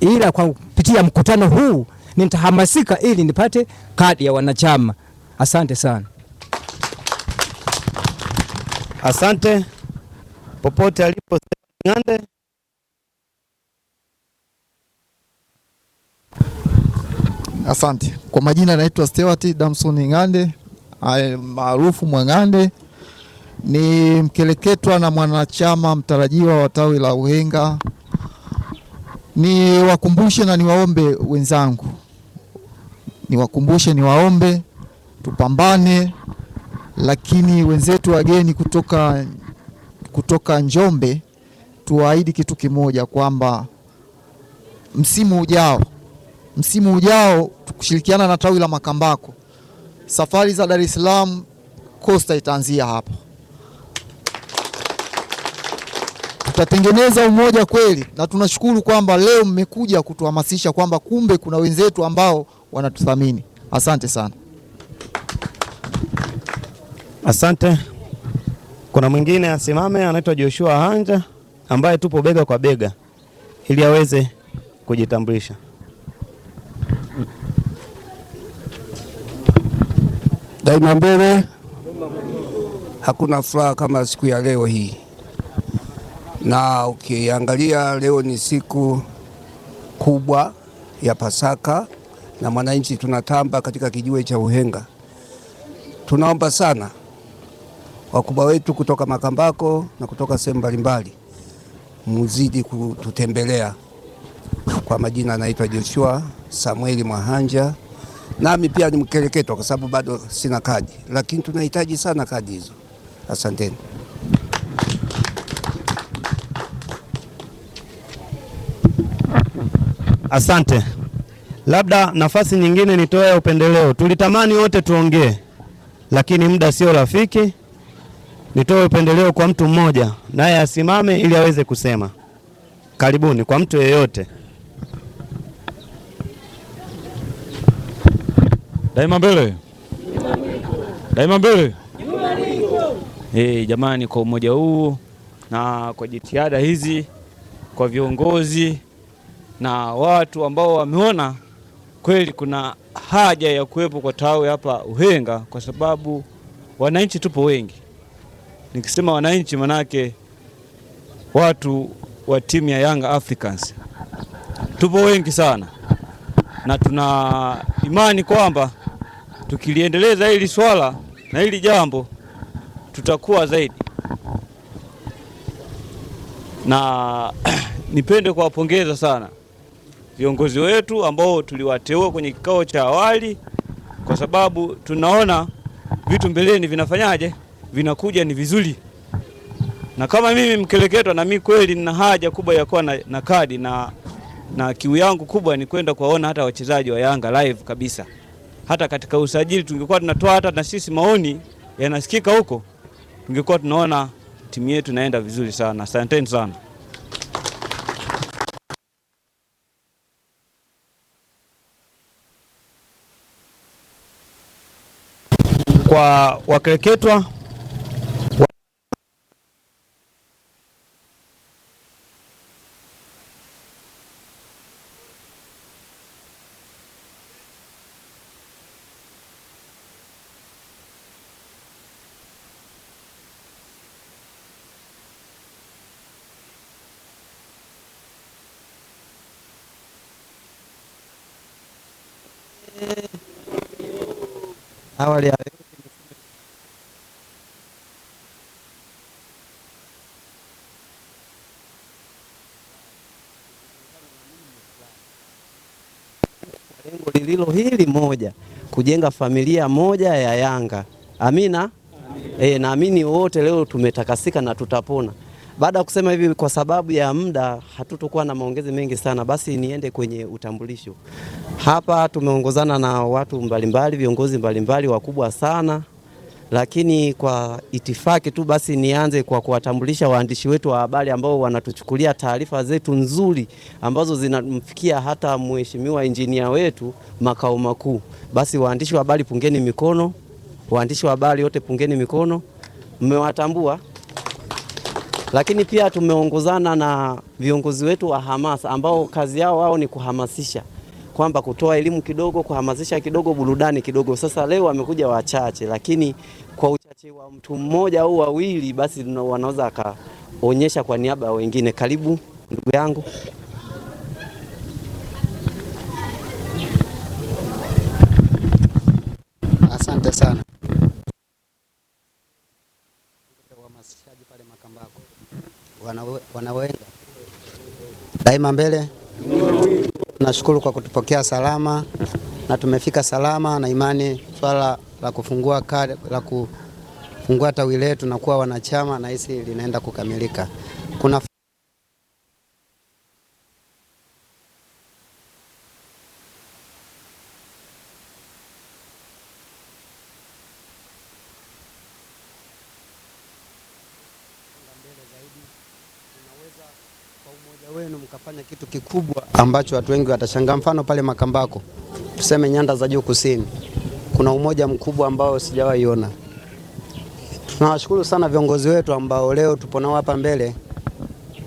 ila kwa kupitia mkutano huu nitahamasika ili nipate kadi ya wanachama. Asante sana. Asante popote alipo Ng'ande. Asante kwa majina, naitwa Stewart Damson Ng'ande maarufu Mwang'ande, ni mkeleketwa na mwanachama mtarajiwa wa tawi la Uhenga Niwakumbushe na niwaombe wenzangu, niwakumbushe, niwaombe tupambane, lakini wenzetu wageni kutoka, kutoka Njombe tuwaahidi kitu kimoja kwamba msimu ujao, msimu ujao tukushirikiana na tawi la Makambako, safari za Dar es Salaam Kosta itaanzia hapa. tutatengeneza umoja kweli, na tunashukuru kwamba leo mmekuja kutuhamasisha kwamba kumbe kuna wenzetu ambao wanatuthamini. Asante sana. Asante. Kuna mwingine asimame, anaitwa Joshua Hanja ambaye tupo bega kwa bega ili aweze kujitambulisha. Daima mbele, hakuna furaha kama siku ya leo hii na ukiangalia okay, leo ni siku kubwa ya Pasaka na mwananchi tunatamba katika kijiwe cha Uhenga. Tunaomba sana wakubwa wetu kutoka Makambako na kutoka sehemu mbalimbali, muzidi kututembelea. Kwa majina anaitwa Joshua Samueli Mwahanja, nami pia ni mkereketwa kwa sababu bado sina kadi, lakini tunahitaji sana kadi hizo. Asanteni. Asante. Labda nafasi nyingine nitoe upendeleo. Tulitamani wote tuongee, lakini muda sio rafiki. Nitoe upendeleo kwa mtu mmoja, naye asimame ili aweze kusema. Karibuni kwa mtu yeyote. Daima mbele, daima mbele. Hey, jamani, kwa umoja huu na kwa jitihada hizi, kwa viongozi na watu ambao wameona kweli kuna haja ya kuwepo kwa tawi hapa Uhenga, kwa sababu wananchi tupo wengi. Nikisema wananchi, manake watu wa timu ya Young Africans tupo wengi sana, na tuna imani kwamba tukiliendeleza hili swala na hili jambo tutakuwa zaidi, na nipende kuwapongeza sana viongozi wetu ambao tuliwateua kwenye kikao cha awali, kwa sababu tunaona vitu mbeleni vinafanyaje, vinakuja ni vizuri. Na kama mimi mkeleketwa, na mimi kweli nina haja kubwa ya kuwa na, na kadi na, na kiu yangu kubwa ni kwenda kuwaona hata wachezaji wa Yanga live kabisa. Hata katika usajili tungekuwa tunatoa hata na sisi maoni yanasikika huko, tungekuwa tunaona timu yetu inaenda vizuri sana. Asanteni sana. kwa wakereketwa awali ya lengo lililo hili moja, kujenga familia moja ya Yanga. Amina, amina. E, naamini wote leo tumetakasika na tutapona. Baada ya kusema hivi, kwa sababu ya muda hatutokuwa na maongezi mengi sana, basi niende kwenye utambulisho. Hapa tumeongozana na watu mbalimbali, viongozi mbalimbali wakubwa sana lakini kwa itifaki tu basi nianze kwa kuwatambulisha waandishi wetu wa habari ambao wanatuchukulia taarifa zetu nzuri ambazo zinamfikia hata mheshimiwa injinia wetu makao makuu. Basi waandishi wa habari pungeni mikono, waandishi wa habari wote pungeni mikono, mmewatambua. Lakini pia tumeongozana na viongozi wetu wa hamasa ambao kazi yao wao ni kuhamasisha kwamba kutoa elimu kidogo, kuhamasisha kidogo, burudani kidogo. Sasa leo wamekuja wachache, lakini kwa uchache wa mtu mmoja au wawili, basi wanaweza akaonyesha kwa niaba ya wengine. Karibu ndugu yangu. Asante sana. Uhamasishaji pale Makambako, wanawenga daima mbele Nashukuru kwa kutupokea salama na tumefika salama na imani. Swala la kufungua kadi la kufungua tawi letu na kuwa wanachama nahisi linaenda kukamilika. Kuna ambacho watu wengi watashangaa. Mfano pale Makambako, tuseme nyanda za juu kusini, kuna umoja mkubwa ambao sijawahi ona. Tunawashukuru sana viongozi wetu ambao leo tupo nao hapa mbele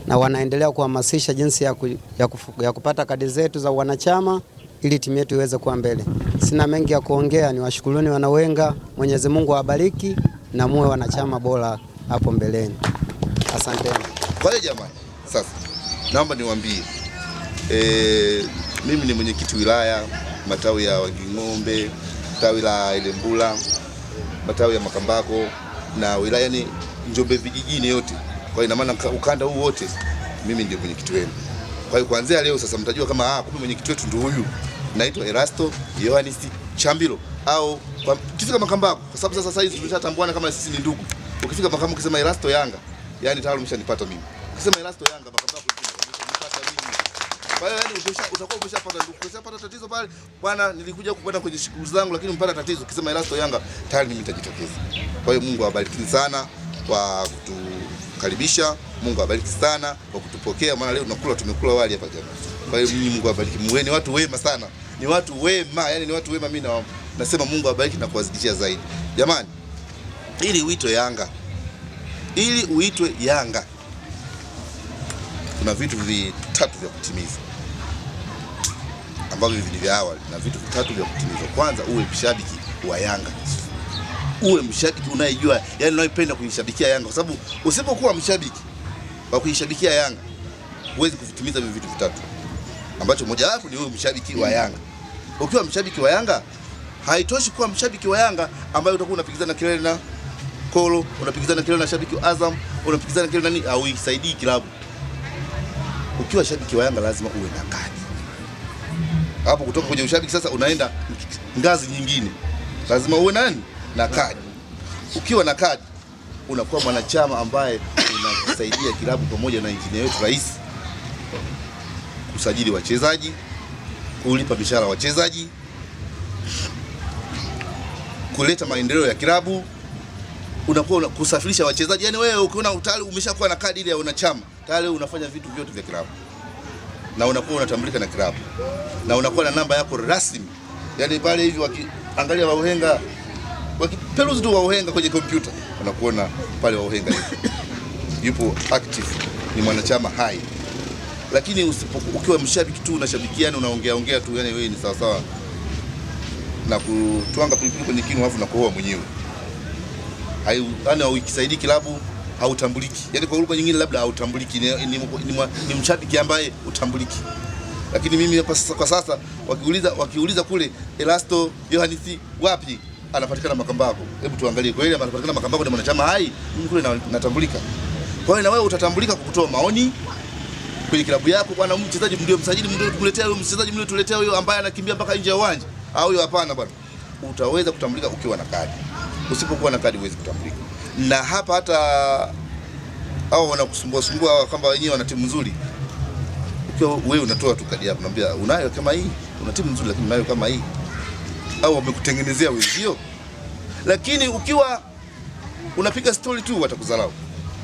na wanaendelea kuhamasisha jinsi ya, ku, ya, kufu, ya kupata kadi zetu za wanachama ili timu yetu iweze kuwa mbele. Sina mengi ya kuongea, ni washukuruni wanawenga. Mwenyezi Mungu awabariki na muwe wanachama bora hapo mbeleni. Asanteni. Wale jamani, sasa naomba niwaambie E, mimi ni mwenyekiti wilaya matawi ya Wanging'ombe, tawi la Ilembula, matawi ya Makambako na wilaya ni Njombe vijijini yote. Kwa hiyo ina maana ukanda huu wote mimi ndio mwenyekiti wenu. Kwa hiyo kuanzia leo sasa mtajua kama ah, kumbe mwenyekiti wetu ndio huyu. Naitwa Erasto Yohanis Chambilo au kwa, kifika Makambako kwa sababu sasa hizi tumeshatambuana kama sisi ni ndugu. Ukifika Makambako ukisema Erasto Yanga, yani tayari umeshanipata mimi. Ukisema Erasto Yanga Makambako kwa hiyo yani utakuwa umeshapata umeshapata tatizo pale, bwana, nilikuja kupata kwenye shughuli zangu, lakini mpata tatizo kisema Erasto Yanga tayari mimi Kwa hiyo Mungu awabariki sana kwa kutukaribisha, Mungu awabariki sana kwa kutupokea, maana leo tunakula tumekula wali hapa jamaa. Kwa hiyo mimi Mungu awabariki, muweni watu wema sana, ni watu wema, yani ni watu wema. Mimi na nasema Mungu awabariki na kuwazidishia zaidi. Jamani, ili uitwe Yanga, ili uitwe Yanga kuna vitu vitatu vya kutimiza ambavyo hivi ni vya awali na vitu vitatu vya kutimizwa. Kwanza, uwe mshabiki wa Yanga, uwe mshabiki unayejua, yani unayependa kuishabikia Yanga, kwa sababu usipokuwa mshabiki wa kuishabikia Yanga huwezi kuvitimiza hivi vitu vitatu, ambacho mojawapo ni uwe mshabiki wa Yanga. Ukiwa mshabiki wa Yanga haitoshi kuwa mshabiki wa Yanga ambaye utakuwa unapigizana kelele na Kolo, unapigizana kelele na shabiki wa Azam, unapigizana kelele nani, au isaidii klabu. Ukiwa shabiki wa Yanga lazima uwe na kadi hapo kutoka kwenye ushabiki sasa unaenda ngazi nyingine, lazima uwe nani na kadi. Ukiwa na kadi unakuwa mwanachama ambaye unasaidia kilabu pamoja na injinia wetu rais kusajili wachezaji, kulipa mishahara wachezaji, kuleta maendeleo ya kilabu, unakuwa kusafirisha wachezaji. Yani wewe ukiona tayari umeshakuwa na kadi ile ya wanachama tayari unafanya vitu vyote vya kilabu na unakuwa unatambulika na klabu na unakuwa na namba yako rasmi. Yani pale hivi wakiangalia wauhenga wakiperuzi tu wauhenga kwenye kompyuta wanakuona pale wauhenga yupo active, ni mwanachama hai. Lakini usipo, ukiwa mshabiki tu unashabikiana unaongea ongea tu, yani wewe ni sawa sawa na kutwanga pilipili kwenye kinu halafu nakuoa mwenyewe, yaani haikisaidii kilabu hautambuliki, Yaani kwa lugha nyingine labda hautambuliki, ni, ni, ni, ni mshabiki ambaye utambuliki. Lakini mimi kwa sasa kwa sasa wakiuliza, wakiuliza kule Erasto Yohanisi wapi anapatikana Makambako, hebu tuangalie kweli anapatikana Makambako, ni mwanachama hai mimi kule natambulika. Kwa hiyo na wewe utatambulika kwa kutoa maoni kwenye klabu yako, bwana, mchezaji mndio msajili mndio tukuletea huyo mchezaji mndio tuletea huyo ambaye anakimbia mpaka nje ya uwanja au huyo? Hapana bwana, utaweza kutambulika ukiwa na kadi. Usipokuwa na kadi huwezi kutambulika na hapa hata au wanakusumbua sumbua kwamba wenyewe wana timu nzuri, ukiwa wewe unatoa tu kadi yako, unamwambia unayo kama hii, una timu nzuri lakini unayo kama hii, au wamekutengenezea wenzio. Lakini ukiwa unapiga stori tu watakudharau,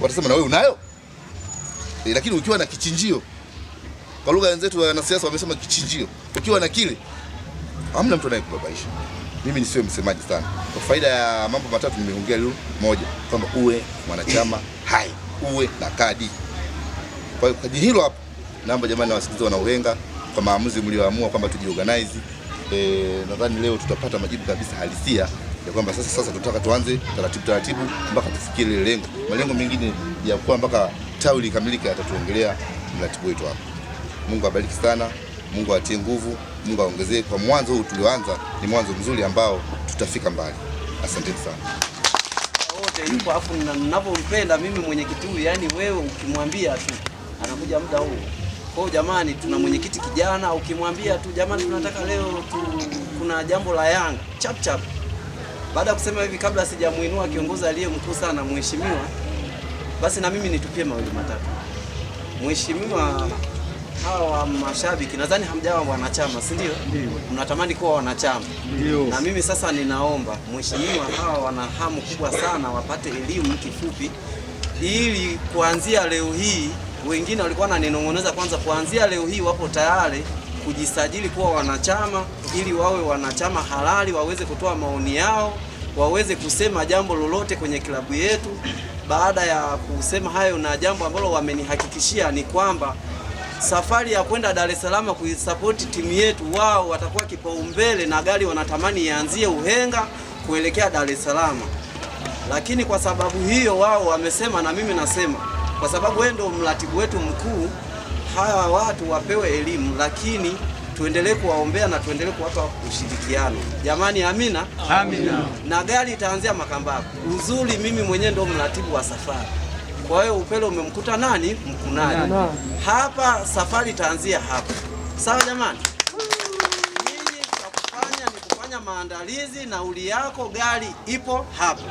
watasema na wewe unayo e. Lakini ukiwa na kichinjio, kwa lugha wenzetu wanasiasa wamesema kichinjio, ukiwa na kile, hamna mtu anayekubabaisha mimi nisiwe msemaji sana. Kwa faida ya mambo matatu nimeongea leo moja kwamba uwe mwanachama hai, uwe na kadi. Kwa hiyo kadi hilo hapo, naomba jamani, wasikilize wana Uhenga kwa maamuzi mlioamua kwamba tujiorganize. E, nadhani leo tutapata majibu kabisa halisia ya kwamba sasa sasa tunataka tuanze taratibu taratibu mpaka tufikie lengo. Malengo mengine ya kuwa mpaka tawi likamilike atatuongelea mratibu wetu hapo. Mungu abariki sana. Mungu atie nguvu, Mungu aongezee. Kwa mwanzo huu tulioanza, ni mwanzo mzuri ambao tutafika mbali. Asanteni sana wote yuko, afu ninavyompenda mimi mwenyekiti huyu, yani wewe ukimwambia tu anakuja muda huu. Kwa hiyo jamani, tuna mwenyekiti kijana, ukimwambia tu jamani, tunataka leo tu, kuna jambo la Yanga chap chap. Baada ya kusema hivi, kabla sijamuinua kiongozi aliye mkuu sana mheshimiwa, basi na mimi nitupie mawili matatu mheshimiwa hawa mashabiki nadhani hamjawa wanachama, si ndio? Mnatamani kuwa wanachama. Ndiyo. Na mimi sasa ninaomba mheshimiwa, hawa wana hamu kubwa sana wapate elimu kifupi, ili kuanzia leo hii, wengine walikuwa wananinong'oneza, kwanza kuanzia leo hii wapo tayari kujisajili kuwa wanachama, ili wawe wanachama halali, waweze kutoa maoni yao, waweze kusema jambo lolote kwenye klabu yetu. Baada ya kusema hayo na jambo ambalo wamenihakikishia ni kwamba safari ya kwenda Dar es Salaam kuisapoti timu yetu, wao watakuwa kipaumbele na gari wanatamani ianzie Uhenga kuelekea Dar es Salaam. Lakini kwa sababu hiyo wao wamesema, na mimi nasema, kwa sababu wewe ndio mratibu wetu mkuu, hawa watu wapewe elimu, lakini tuendelee kuwaombea na tuendelee kuwapa ushirikiano jamani. Amina, amina. Na gari itaanzia Makambako. Uzuri mimi mwenyewe ndio mratibu wa safari. Kwa hiyo upele umemkuta nani? Mkunaji. Hapa safari itaanzia hapa, sawa jamani? Nini cha kufanya ni kufanya maandalizi. Nauli yako gari ipo hapa,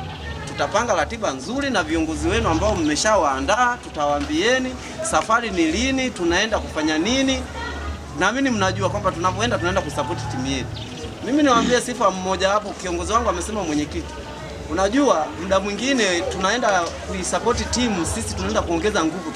tutapanga ratiba nzuri na viongozi wenu ambao mmeshawaandaa, tutawaambieni safari ni lini, tunaenda kufanya nini. Naamini mnajua kwamba tunapoenda tunaenda kusapoti timu yetu. Mimi niwaambie sifa mmoja hapo, kiongozi wangu amesema, mwenyekiti Unajua, muda mwingine tunaenda kuisapoti timu, sisi tunaenda kuongeza nguvu,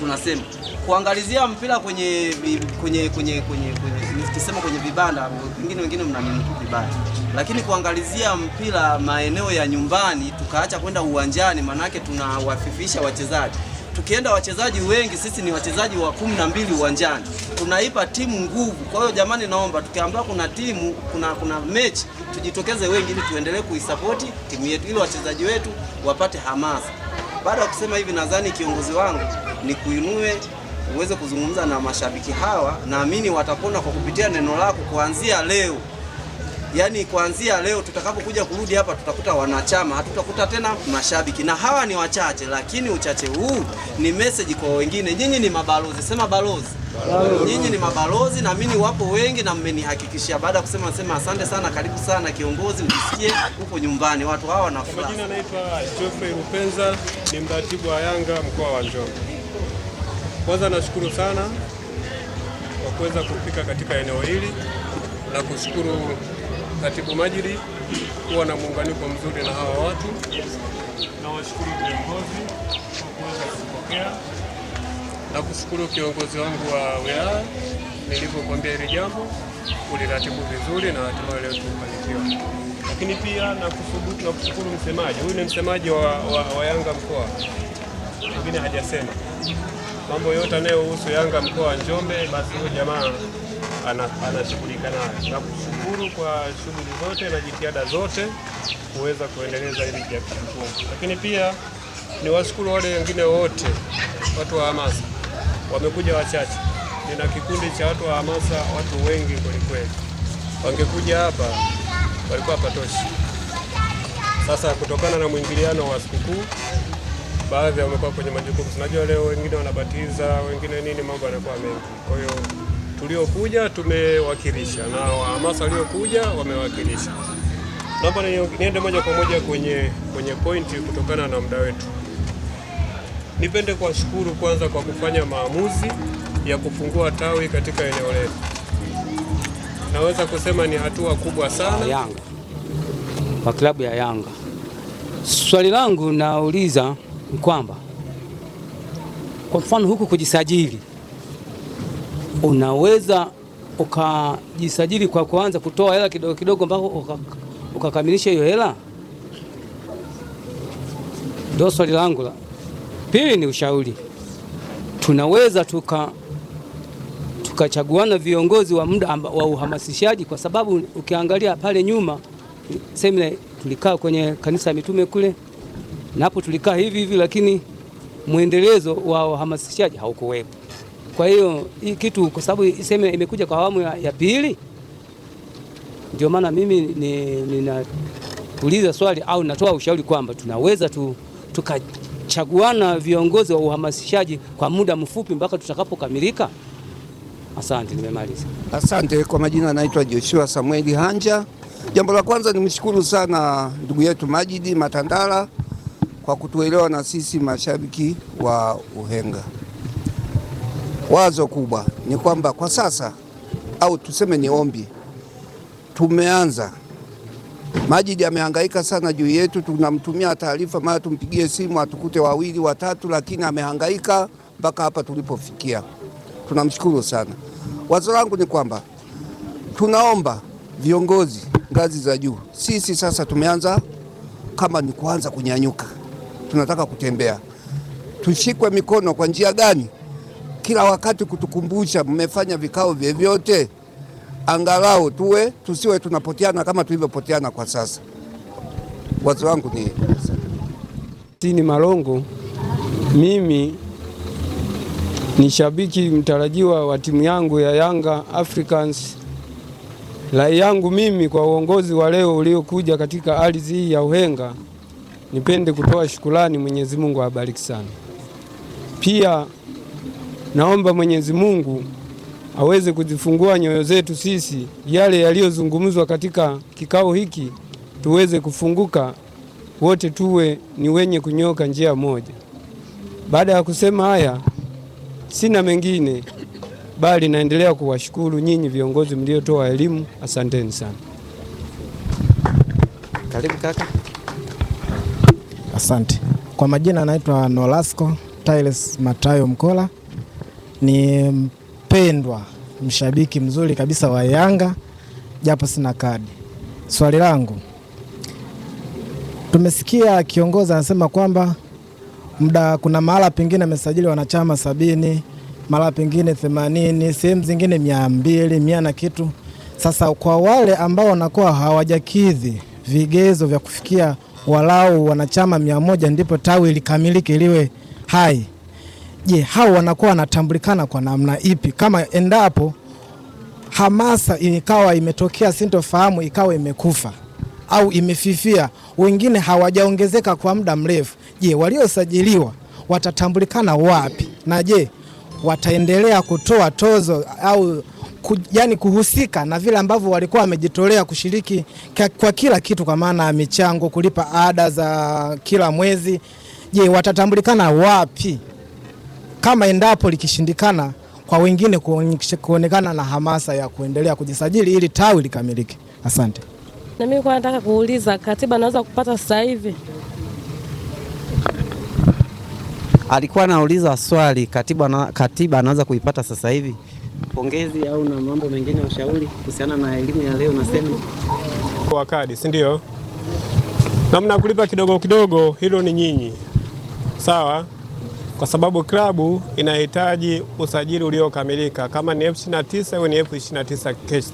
tunasema kuangalizia mpira kwenye kwenye kwenye kwenye nikisema kwenye vibanda, wengine wengine mnanimku vibaya, lakini kuangalizia mpira maeneo ya nyumbani tukaacha kwenda uwanjani, maanake tunawafifisha wachezaji tukienda wachezaji wengi, sisi ni wachezaji wa kumi na mbili uwanjani, tunaipa timu nguvu. Kwa hiyo jamani, naomba tukiambiwa kuna timu kuna kuna mechi tujitokeze wengi, ili tuendelee kuisapoti timu yetu, ili wachezaji wetu wapate hamasa. Baada ya kusema hivi, nadhani kiongozi wangu ni kuinue uweze kuzungumza na mashabiki hawa, naamini watapona kwa kupitia neno lako kuanzia leo yani kuanzia leo tutakapokuja kurudi hapa tutakuta wanachama, hatutakuta tena mashabiki, na hawa ni wachache, lakini uchache huu ni message kwa wengine. Nyinyi ni mabalozi, sema balozi nyinyi ni mabalozi, mimi wapo wengi na mmenihakikishia. Baada ya kusema sema asante sana, karibu sana kiongozi, ujisikie huko nyumbani, watu hawa wana furaha. Majina naitwa Geoffrey Rupenza, ni mratibu wa Yanga mkoa wa Njombe. Kwanza nashukuru sana kwa kuweza kufika katika eneo hili na kushukuru katibu majiri kuwa na muunganiko mzuri na hawa watu. Nawashukuru viongozi kwa kuweza kupokea na kushukuru kiongozi wangu wa wilaya, nilivyokuambia hili jambo uliratibu vizuri na hatimaye leo tumefanikiwa. Lakini pia na na kushukuru msemaji, huyu ni msemaji wa, wa, wa Yanga mkoa, wengine hajasema mambo yote anayohusu Yanga mkoa wa Njombe, basi huyu jamaa anashughulika nayo, na kushukuru kwa shughuli zote na jitihada zote kuweza kuendeleza hili jukumu, lakini pia ni washukuru wale wengine wote, watu wa hamasa wamekuja wachache. Nina kikundi cha watu wa hamasa, watu wengi kwelikweli, wangekuja hapa walikuwa patoshi Sasa kutokana na mwingiliano wa sikukuu, baadhi wamekuwa kwenye majukumu, sinajua leo wengine wanabatiza, wengine nini, mambo yanakuwa mengi, kwa hiyo tuliokuja tumewakilisha na wahamasa waliokuja wamewakilisha. Naomba niende moja kwa moja kwenye, kwenye pointi kutokana na muda wetu. Nipende kuwashukuru kwanza kwa kufanya maamuzi ya kufungua tawi katika eneo letu. Naweza kusema ni hatua kubwa sana Yanga, kwa klabu ya Yanga. Swali langu nauliza ni kwamba kwa mfano huku kujisajili unaweza ukajisajili kwa kuanza kutoa hela kidogo kidogo mpaka ukakamilisha hiyo hela? Ndio swali langu la pili. Ni ushauri, tunaweza tuka tukachaguana viongozi wa muda wa uhamasishaji, kwa sababu ukiangalia pale nyuma semina tulikaa kwenye kanisa ya mitume kule, na hapo tulikaa hivi hivi, lakini mwendelezo wa uhamasishaji haukuwepo. Kwa hiyo hii kitu kwa sababu iseme imekuja kwa awamu ya, ya pili, ndio maana mimi ninauliza ni swali au natoa ushauri kwamba tunaweza tu, tukachaguana viongozi wa uhamasishaji kwa muda mfupi mpaka tutakapokamilika. Asante, nimemaliza. Asante. Kwa majina anaitwa Joshua Samueli Hanja. Jambo la kwanza nimshukuru sana ndugu yetu Majidi Matandala kwa kutuelewa na sisi mashabiki wa Uhenga. Wazo kubwa ni kwamba kwa sasa au tuseme ni ombi, tumeanza Majidi amehangaika sana juu yetu, tunamtumia taarifa mara tumpigie simu atukute wawili watatu, lakini amehangaika mpaka hapa tulipofikia. Tunamshukuru sana. Wazo langu ni kwamba tunaomba viongozi ngazi za juu, sisi sasa tumeanza kama ni kuanza kunyanyuka, tunataka kutembea, tushikwe mikono. Kwa njia gani? kila wakati kutukumbusha, mmefanya vikao vyovyote, angalau tuwe tusiwe tunapoteana kama tulivyopoteana kwa sasa. Wazo wangu ni Tini Malongo, mimi ni shabiki mtarajiwa wa timu yangu ya Yanga Africans. Rai yangu mimi kwa uongozi wa leo uliokuja katika ardhi hii ya Uhenga, nipende kutoa shukrani Mwenyezi Mungu awabariki sana pia Naomba Mwenyezi Mungu aweze kuzifungua nyoyo zetu sisi, yale yaliyozungumzwa katika kikao hiki tuweze kufunguka, wote tuwe ni wenye kunyoka njia moja. Baada ya kusema haya, sina mengine bali naendelea kuwashukuru nyinyi viongozi mliotoa elimu. Asanteni sana. Karibu kaka. Asante. Kwa majina anaitwa Nolasco Tiles Matayo Mkola ni mpendwa, mshabiki mzuri kabisa wa Yanga japo sina kadi. Swali langu, tumesikia kiongozi anasema kwamba muda kuna mahala pengine amesajili wanachama sabini, mahala pengine themanini, sehemu zingine mia mbili, mia na kitu. Sasa kwa wale ambao wanakuwa hawajakidhi vigezo vya kufikia walau wanachama mia moja ndipo tawi likamilike liwe hai je, hao wanakuwa wanatambulikana kwa namna ipi? Kama endapo hamasa ikawa imetokea sintofahamu ikawa imekufa au imefifia, wengine hawajaongezeka kwa muda mrefu, je, waliosajiliwa watatambulikana wapi? Na je wataendelea kutoa tozo au ku, yani kuhusika na vile ambavyo walikuwa wamejitolea kushiriki kwa, kwa kila kitu kwa maana ya michango, kulipa ada za kila mwezi. Je, watatambulikana wapi? kama endapo likishindikana kwa wengine kuonekana na hamasa ya kuendelea kujisajili ili tawi likamilike. Asante. Na mimi kwa nataka kuuliza katiba naweza kupata sasa hivi? Alikuwa anauliza swali katiba, na, katiba anaweza kuipata sasa hivi. Pongezi au na mambo mengine ya ushauri kuhusiana na elimu ya leo nasema kwa kadi, si ndio? Namna kulipa kidogo kidogo, hilo ni nyinyi sawa kwa sababu klabu inahitaji usajili uliokamilika. Kama ni elfu 29 iwe ni elfu 29 cash,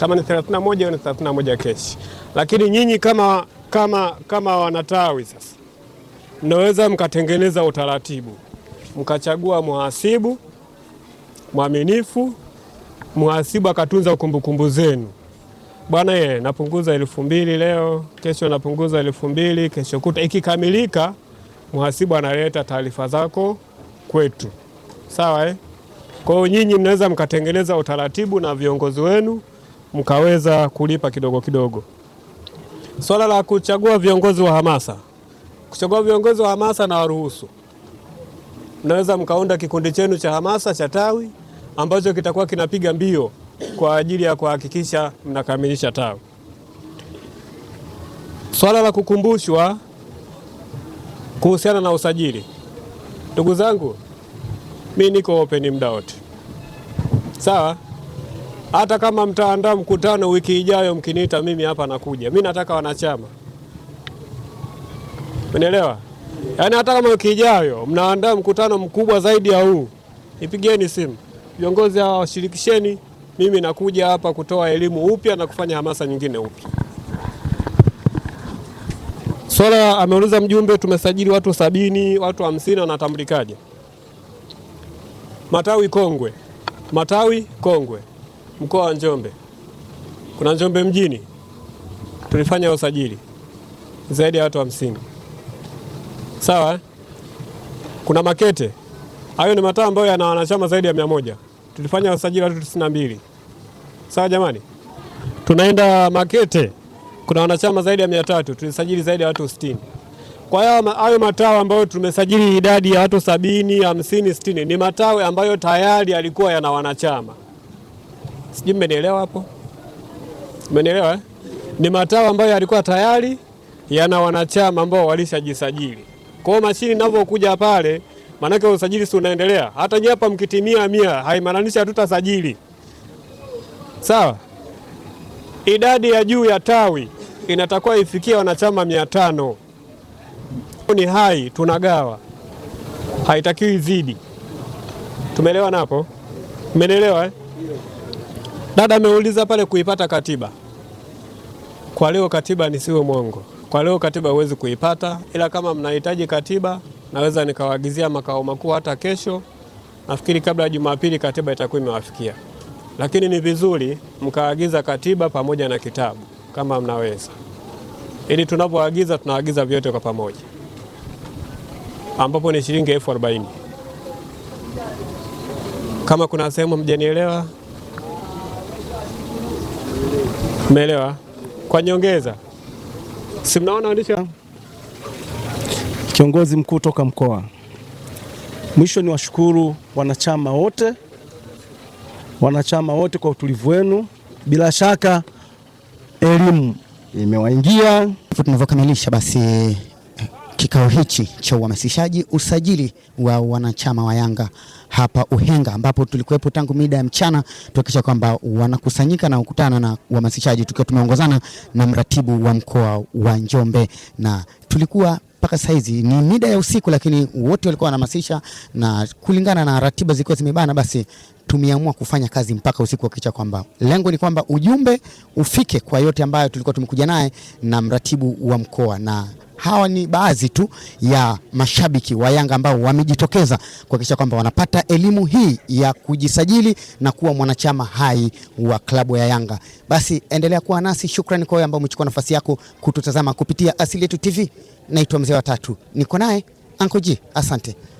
kama ni 31 iwe ni 31 cash. Lakini nyinyi kama, kama, kama wanatawi sasa mnaweza mkatengeneza utaratibu mkachagua mhasibu mwaminifu, mhasibu akatunza kumbukumbu zenu. Bwana ye, napunguza elfu mbili leo, kesho napunguza elfu mbili kesho kuta, ikikamilika mhasibu analeta taarifa zako kwetu, sawa eh? Kwa hiyo nyinyi mnaweza mkatengeneza utaratibu na viongozi wenu mkaweza kulipa kidogo kidogo. Swala la kuchagua viongozi wa hamasa, kuchagua viongozi wa hamasa na waruhusu, mnaweza mkaunda kikundi chenu cha hamasa cha tawi ambacho kitakuwa kinapiga mbio kwa ajili ya kuhakikisha mnakamilisha tawi. Swala la kukumbushwa Kuhusiana na usajili, ndugu zangu, mi niko open muda wote, sawa. Hata kama mtaandaa mkutano wiki ijayo, mkiniita mimi hapa nakuja. Mi nataka wanachama, unaelewa? Yaani hata kama wiki ijayo mnaandaa mkutano mkubwa zaidi ya huu, nipigieni simu viongozi hawa, washirikisheni mimi nakuja hapa kutoa elimu upya na kufanya hamasa nyingine upya. Swala ameuliza mjumbe, tumesajili watu sabini, watu hamsini wanatambulikaje? Matawi kongwe, matawi kongwe, mkoa wa Njombe, kuna Njombe mjini tulifanya usajili zaidi ya watu hamsini. Sawa, eh? kuna Makete, hayo ni matawi ambayo yana wanachama zaidi ya mia moja tulifanya usajili watu tisini na mbili. Sawa jamani, tunaenda Makete kuna wanachama zaidi ya mia tatu tulisajili zaidi ya watu sitini. Kwa hiyo hayo matawi ambayo tumesajili idadi ya watu sabini, hamsini, sitini ni matawi ambayo tayari yalikuwa yana wanachama. Sijui mmenielewa hapo? Mmenielewa eh? Ni matawi ambayo yalikuwa tayari yana wanachama ambao walishajisajili. Kwa hiyo mashini inavyokuja pale, maanake usajili si unaendelea. Hata nyie hapa mkitimia mia, haimaanishi hatutasajili. Sawa? Idadi ya juu ya tawi inatakiwa ifikie wanachama mia tano. Ni hai tunagawa, haitakiwi zidi. Tumeelewa napo, Mmenielewa eh? Dada ameuliza pale kuipata katiba. Kwa leo katiba nisiwe mwongo, kwa leo katiba huwezi kuipata, ila kama mnahitaji katiba naweza nikawaagizia makao makuu hata kesho. Nafikiri kabla ya Jumapili katiba itakuwa imewafikia, lakini ni vizuri mkaagiza katiba pamoja na kitabu kama mnaweza, ili yaani tunapoagiza tunaagiza vyote kwa pamoja, ambapo ni shilingi elfu arobaini. Kama kuna sehemu mjanielewa, mmeelewa kwa nyongeza, si mnaona waandishi. Kiongozi mkuu toka mkoa. Mwisho ni washukuru wanachama wote, wanachama wote kwa utulivu wenu, bila shaka elimu imewaingia. Tunavyokamilisha basi kikao hichi cha uhamasishaji usajili wa wanachama wa Yanga hapa Uhenga, ambapo tulikuwepo tangu mida ya mchana tukisha kwamba wanakusanyika na kukutana na uhamasishaji, tukiwa tumeongozana na mratibu wa mkoa wa Njombe na tulikuwa mpaka saizi ni mida ya usiku, lakini wote walikuwa wanahamasisha na kulingana na ratiba zilikuwa zimebana, basi tumeamua kufanya kazi mpaka usiku, wakicha kwamba lengo ni kwamba ujumbe ufike kwa yote ambayo tulikuwa tumekuja naye na mratibu wa mkoa na Hawa ni baadhi tu ya mashabiki wa Yanga ambao wamejitokeza kuhakikisha kwamba wanapata elimu hii ya kujisajili na kuwa mwanachama hai wa klabu ya Yanga. Basi endelea kuwa nasi, shukrani kwa wewe ambao umechukua nafasi yako kututazama kupitia Asili Yetu TV. Naitwa Mzee wa Tatu, niko naye Anko G. Asante.